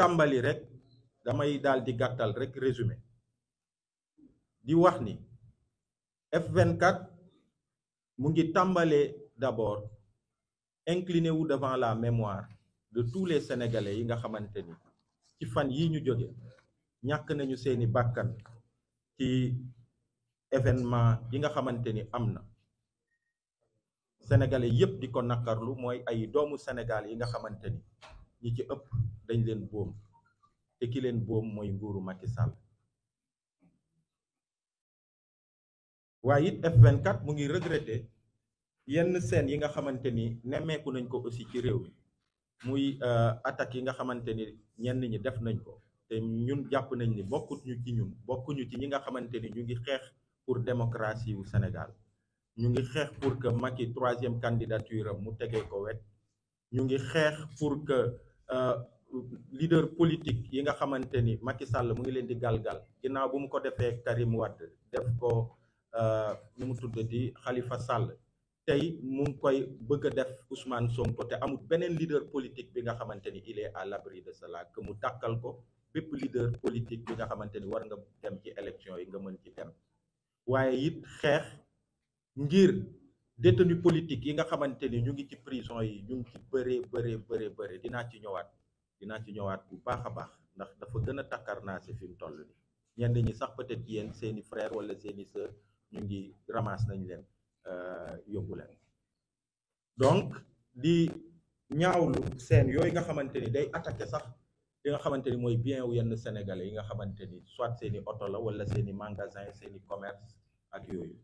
tambali rek damay daldi di rek résumé di wax ni F24 mu ngi tambalé d'abord incliné wu devant la mémoire de tous les sénégalais yi nga xamanteni ci fan yi ñu jóge ñak nañu seeni bakkan ci événement yi nga xamanteni amna sénégalais yépp di ko naqarlu ay doomu Sénégal yi nga xamanteni ñi ci ëpp dañ leen boom te ki leen boom mooy nguuru Macky Sall waaye it F24 mu ngi regretté yenn scène yi nga xamante ni nemmeeku nañ ko aussi ci réew mi muy euh, attaques yi nga xamante ni ñenn ñi def nañ ko te ñun jàpp nañ ni bokkut ñu ci ñun bokkuñu ci ñi nga xamante ni ñu ngi xeex pour démocratie wu Sénégal ñu ngi xeex pour que Macky troisième candidature am mu tegee ko wet ñu ngi xeex pour que Euh, leader politique yi nga xamante ni Macky Sall mu ngi leen di galgal ginnaaw bu mu ko defee Karim Wade def ko euh, nu mu tudd di xalifa Sall tey mu ngi koy bëgg a def Ousmane Sonko te amul beneen leader politique bi nga xamante ni il à l'abri de cela que mu tàkkal ko bépp leader politique bi nga xamante ni war nga dem ci élection yi nga mën ci dem waaye it xeex ngir détenu politique yi nga xamante ni ñu ngi ci prison yi ñu ngi ci bëree bëree bëree bëree dinaa ci ñëwaat dinaa ci ñëwaat bu baax a baax ndax dafa gën a takkar naa si fi mu toll ni ñenn ñi sax peut-être yéen seeni frère wala seeni sœur ñu ngi ramasse nañ leen euh, yóbbu leen donc di ñaawlu seen yooyu nga xamante ni day attaqué sax li nga xamante ni mooy bien wu yenn sénégalais yi nga xamante ni soit seeni oto la wala seeni magasin seeni commerce ak yooyu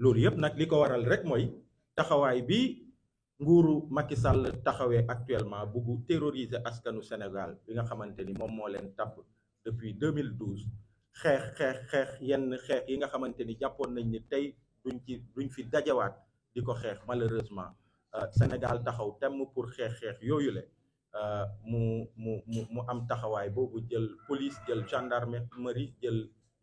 loolu yëpp nag li ko waral rek mooy taxawaay bi nguuru Macky Sall taxawee actuellement buggu terroriser askanu Sénégal bi nga xamante ni moom moo leen tàpp depuis 2012 xeex xeex xeex yenn xeex yi nga xamante ni jàppoon nañ ni tey duñ ci duñ fi dajawaat di ko xeex malheureusement euh, Sénégal taxaw temm pour xeex xeex yooyu le euh, mu mu mu mu am taxawaay boobu jël police jël gendarmerie jël.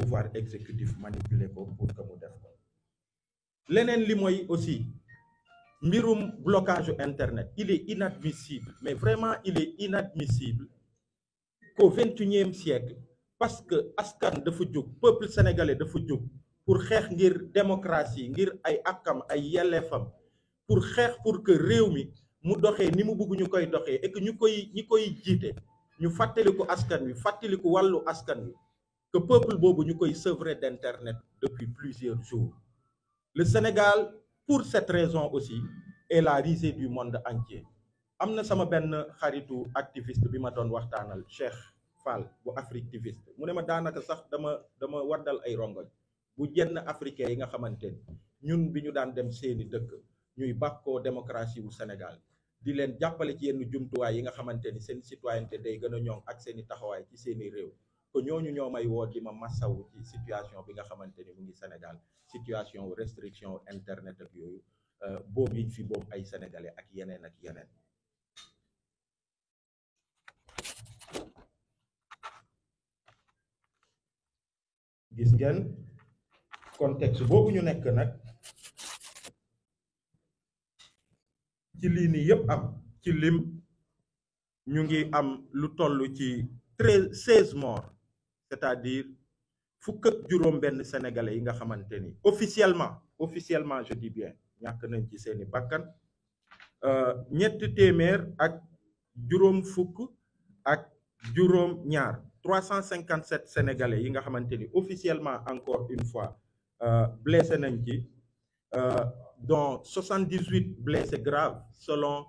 pouvoir exécutif manipulé pour que def aussi mbirum blocage internet il est inadmissible mais vraiment il est inadmissible qu'au XXIe siècle parce que askan peuple sénégalais de pour faire une démocratie pour faire pour que et que que peuple Bobu ñu koy d'internet depuis plusieurs jours le Sénégal pour cette raison aussi est la risée du monde entier amna sama benn xaritu activiste bima ma waxtanal Cheikh Fall bu Africtiviste mu ne ma daanaka sax dama dama waddal ay rongoñ bu jenn africain yi nga xamanteni ñun biñu dan dem seeni dëkk ñuy bàkkoo démocratie bu Sénégal di len jappalé ci yenn jumtuwaay yi nga xamanteni seen citoyenneté day gëna ñong ak seeni taxaway ci seeni réew que ñooñu ñoo ay woo di ma massawu ci situation bi nga xamante ni mu ngi senegal situation restriction internet ak yooyu euh, boobu yiñ fi boobu ay sénégalais ak yeneen ak yeneen gis ngeen contexte boobu ñu nekk nag ci lii nii yépp am ci lim ñu ngi am lu toll ci treize seize morts c'est-à-dire fukk ak juróom sénégalais yi nga xamante officiellement officiellement je dis bien ñàkk nañ ci seeni bakkan euh, ñetti téeméer ak juróom fukk ak juróom ñaar 357 sénégalais yi nga xamante officiellement encore une fois euh, blessé nañ euh, dont 78 blessés graves selon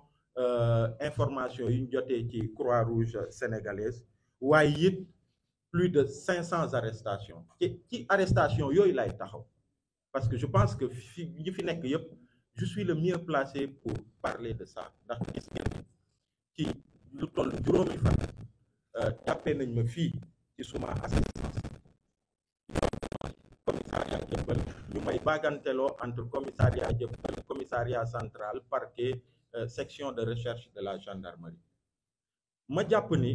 information yi ñu qui Croix-Rouge sénégalaise waaye plus de 500 arrestations qui ci arrestation yooyu lay taxaw parce que je pense que fi ñi je suis le mieux placé pour parler de ça ndax gis ngeen ci lu toll juróomi fan euh, jàppee nañ ma fii ci suma assistance commissariat jëppal ñu may bàgganteloo entre commissariat le commissariat central parquet euh, section de recherche de la gendarmerie ma jàpp ni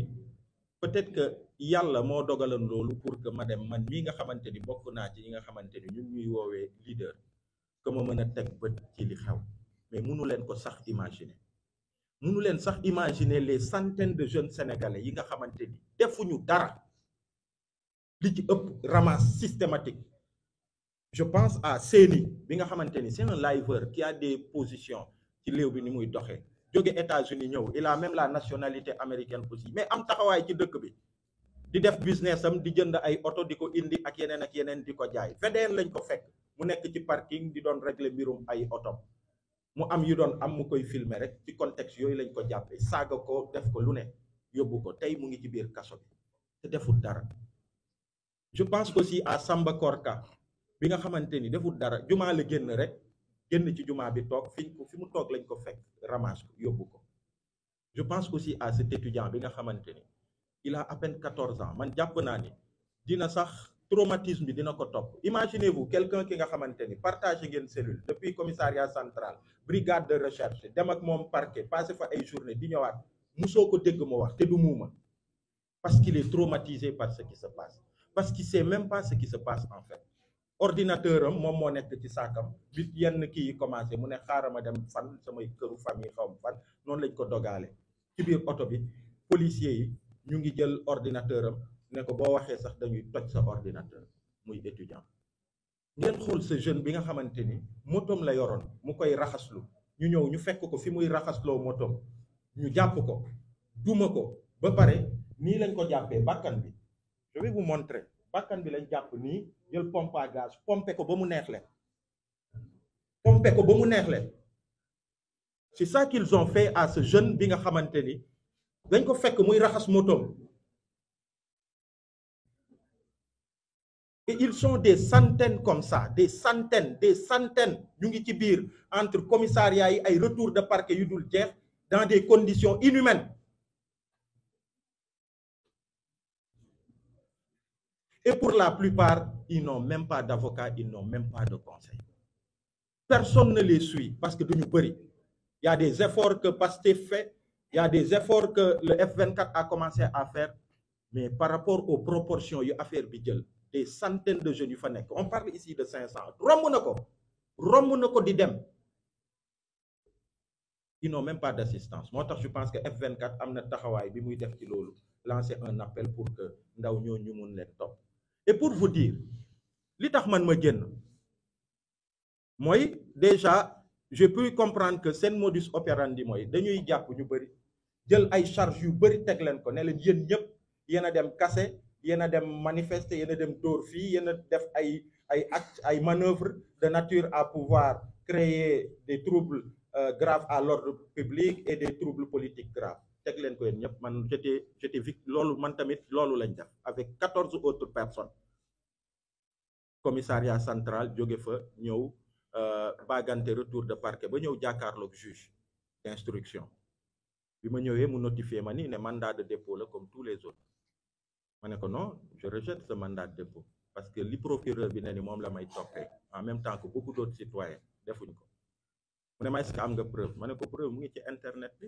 peut-être que yàlla moo dogaloon lolou pour que ma dem man mi nga xamanteni ni bokk ci nga xamanteni ñun ñuy wowe leader que ma mën a teg ci li xew mais mënu len ko sax imaginer mënu len sax imaginer les centaines de jeunes sénégalais yi nga xamanteni defuñu dara li ci ëpp ramasse systématique je pense à Séni bi nga xamanteni c'est un liveur qui a des positions ci léew bi ni muy doxé jóge États-Unis ñëw il a même la nationalité américaine aussi mais am taxawaay ci dëkk bi di def business am di jënd ay oto diko indi ak yeneen ak yeneen di ko jaay fedeen lañ ko fekk mu nekk ci parking di doon régler mbirum ay oto mu am yu doon am mu koy filmer rek ci contexte yooyu lañ ko jàppee saaga ko def ko lu ne yóbbu ko tey mu ngi ci biir kaso bi te deful dara je pense aussi à Samba Korka bi nga xamante ni deful dara jumaa la génn rek génn ci jumaa bi toog fiñ ko fi mu toog lañ ko fekk ramage ko yóbbu ko je pense aussi à cet étudiant bi nga xamante ni il a à peine quatorze ans man jàpp naa ni dina sax traumatisme bi dina ko topp imaginez vous quelqu'un ki nga xamante ni partagé ngeen cellule depuis commissariat central brigade de recherche dem ak moom parquet passé fa ay journée di ñëwaat musoo ko dégg mu wax te du muuma parce qu'il est traumatisé par ce qui se passe parce qu'il sait même pas ce qui se passe en fait ordinateur am moom moo nekk ci saakam bi yenn kii yi commencé mu ne xaaral ma dem fan samay këru famille xaw ma fan noonu lañ ko dogaale ci biir oto bi policier yi ñu ngi jël ordinateur am ne ko boo waxee sax dañuy toj sa ordinateur muy étudiant ngeen xool sa jeune bi nga xamante ni motom la yoroon mu koy raxaslu ñu ñëw ñu fekk ko fi muy raxasloo motom ñu jàpp ko duma ko ba pare nii lañ ko jàppee bàkkan bi je vais vous bàkkan bi lañ jàpp nii pompe à gaz pompe ko ko c'est ça qu'ils ont fait à ce jeune bi nga xamante dañ ko fekk muy raxas motom et ils sont des centaines comme ça des centaines des centaines ñu ngi ci biir entre commissariat et ay retour de parquet yu dans des conditions inhumaines et pour la plupart ils n'ont même pas d'avocat, ils n'ont même pas de conseil. Personne ne les suit parce que nous Il y a des efforts que PASTEF fait, il y a des efforts que le F24 a commencé à faire, mais par rapport aux proportions, il y a affaire des centaines de jeunes On parle ici de 500. Romunoko, Romunoko Didem. Ils n'ont même pas d'assistance. Moi, je pense que F24 a lancé un appel pour que nous nous top et pour vous dire ce que man déjà j'ai pu comprendre que un modus operandi mooy dañuy jàpp ñu bëri jël ay charges yu avons teg ko ne leen ñëpp dem dem manœuvres de nature à pouvoir créer des troubles euh, graves à l'ordre public et des troubles politiques graves len ko man j'étais j'étais man tamit lolu lañ def avec 14 autres personnes commissariat central jóge fa euh baganté retour de parquet ba ñew jakarlo juge d'instruction il ma mu notifier ma ni né mandat de dépôt comme tous les autres mané ko non je rejette ce mandat de dépôt parce que li procureur bi né ni la may en même temps que beaucoup d'autres citoyens defuñ ko mu ne ma est am nga preuve mané ko preuve mu ngi ci internet bi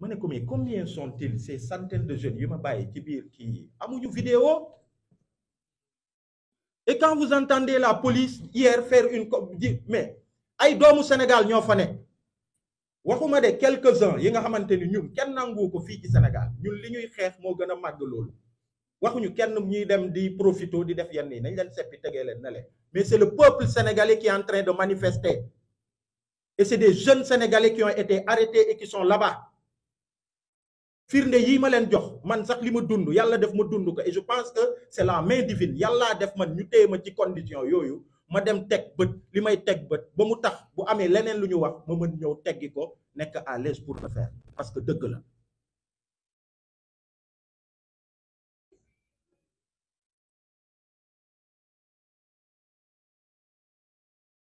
mané comme combien sont-ils ces centaines de jeunes yuma baye ci bir qui vidéo et quand vous entendez la police hier faire une mais ay doomu Sénégal ñoo fa ne waxuma des quelques-uns yi nga xamanténi ni ñun kenn nangu fi ci Sénégal ñun li ñuy xeex moo gën a màgg loolu waxuñu kenn ñuy dem di profito di def yenn nañ leen seppi tegee leen nalé mais c'est le peuple sénégalais qui est en train de manifester et c'est des jeunes sénégalais qui ont été arrêtés et qui sont là-bas firnde yi ma len jox man sax lima dund yalla def ma dund ko et je pense que c'est la main divine yalla def man ñu téema ci condition yoyu ma dem tek beut limay tek beut ba mu tax bu amé lenen luñu wax ma mën ñew teggi ko à l'aise pour le faire parce que deug la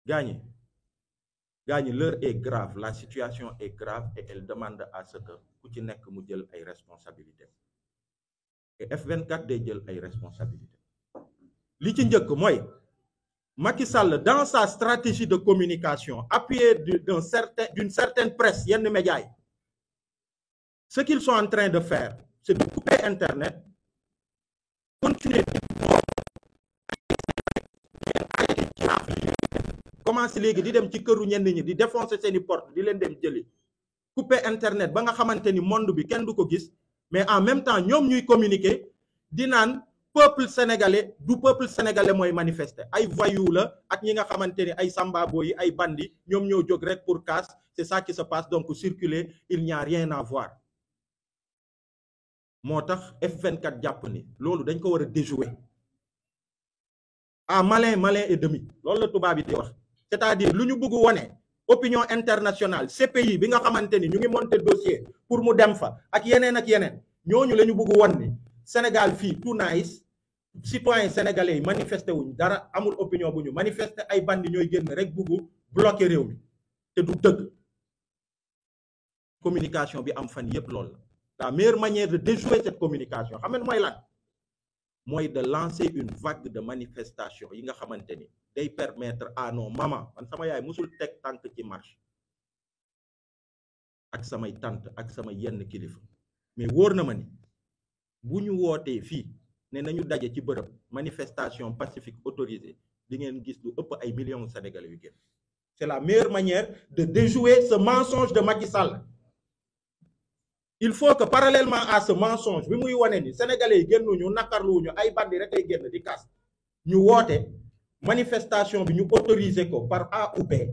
gaañi Gagne, l'heure est grave la situation est grave et elle demande à ce que ku ci ait responsabilité. et F24 d ait responsabilité. responsabilités li ci Sall dans sa stratégie de communication appuyée d'un certain d'une certaine presse Yann ce qu'ils sont en train de faire c'est de couper internet continuer commencé légui di dem ci këru ñenn ñi di défoncer seeni porte di leen dem jëli couper internet ba nga xamanteni monde bi kenn du ko gis mais en même temps ñom ñuy communiquer di nan peuple sénégalais du peuple sénégalais moy manifester ay voyous la ak ñi nga xamanteni ay samba boy ay bandi ñom ñoo jog rek pour casse c'est ça qui se passe donc circuler il n'y a rien à voir motax F24 japp ni lolu dañ ko wara déjouer ah malin malin et demi lolu la tuba bi di wax c'est-à-dire lu ñu bëgg woné opinion internationale pays bi nga xamante ñu ngi monter dossier pour mu dem fa ak yenen ak yenen ñooñu lañu bëgg wonni Sénégal fi tout nice citoyen sénégalais manifester wuñ dara amul opinion buñu manifester ay bandi ñoy genn rek bëgg bloquer réew mi té du dëgg communication bi am fan yépp lool la meilleure manière de déjouer cette communication xam moy mooy lan mooy de lancer une vague de manifestation yi nga xamante day permettre à nos maman man sama yaay musul tant tante ci marche, ak samay tante ak sama yenn kilifa mais ni buñu nañu manifestation pacifique autorisée di gis ay millions sénégalais c'est la meilleure manière de déjouer ce mensonge de Macky Sall il faut que parallèlement à ce mensonge bi sénégalais yi nakarlu ñu ay bandi rek ay manifestation bi ñu par A ou B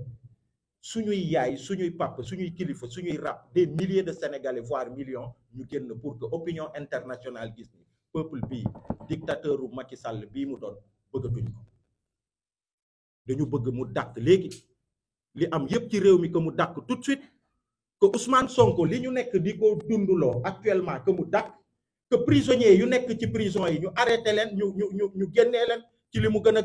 suñuy yaay suñuy papa suñuy kilifa suñuy rap des milliers de sénégalais voire millions ñu pour que opinion internationale gis peuple bi dictateur Macky Sall nous mu doon Nous ko dañu bëgg mu li am yépp ci tout de suite que Ousmane Sonko li ñu nekk di ko actuellement que mu que prisonniers yu nekk prison yi ñu nous ñu ñu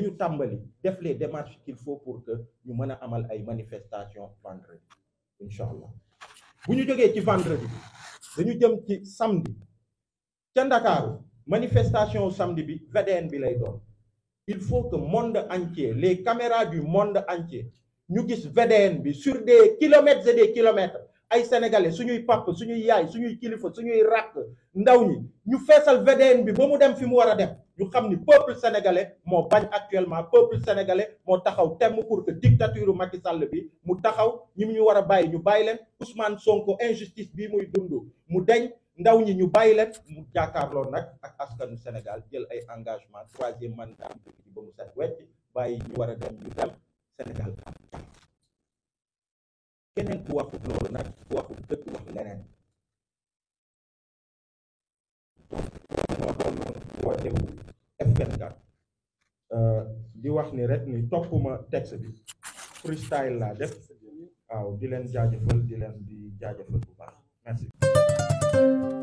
nous tambali def les démarches qu'il faut pour que ñu amal vendredi inshallah. bu vendredi dañu jëm ci samedi ci manifestation samedi bi VDN bi il faut que monde entier les caméras du monde entier nous gis VDN sur des kilomètres et des kilomètres ay sénégalais suñuy suñuy yaay suñuy kilifa nous faisons ñu feesal VDN bi ba mu dem fi mu dem peuple sénégalais mo bañ actuellement peuple sénégalais mo taxaw tém pour que dictature Macky bi mu taxaw ñi ñu wara ñu Ousmane Sonko injustice bi muy dundu. mu deñ ndaw ñi ñu bàyyi len mu nak ak Sénégal jël ay engagement troisième mandat bi ba mu sax ñu Sénégal woote bu f di wax ni rek ni toppuma texte bi freestyle laa def waaw di leen jaajëfal di leen di jaajëfal bu baax merci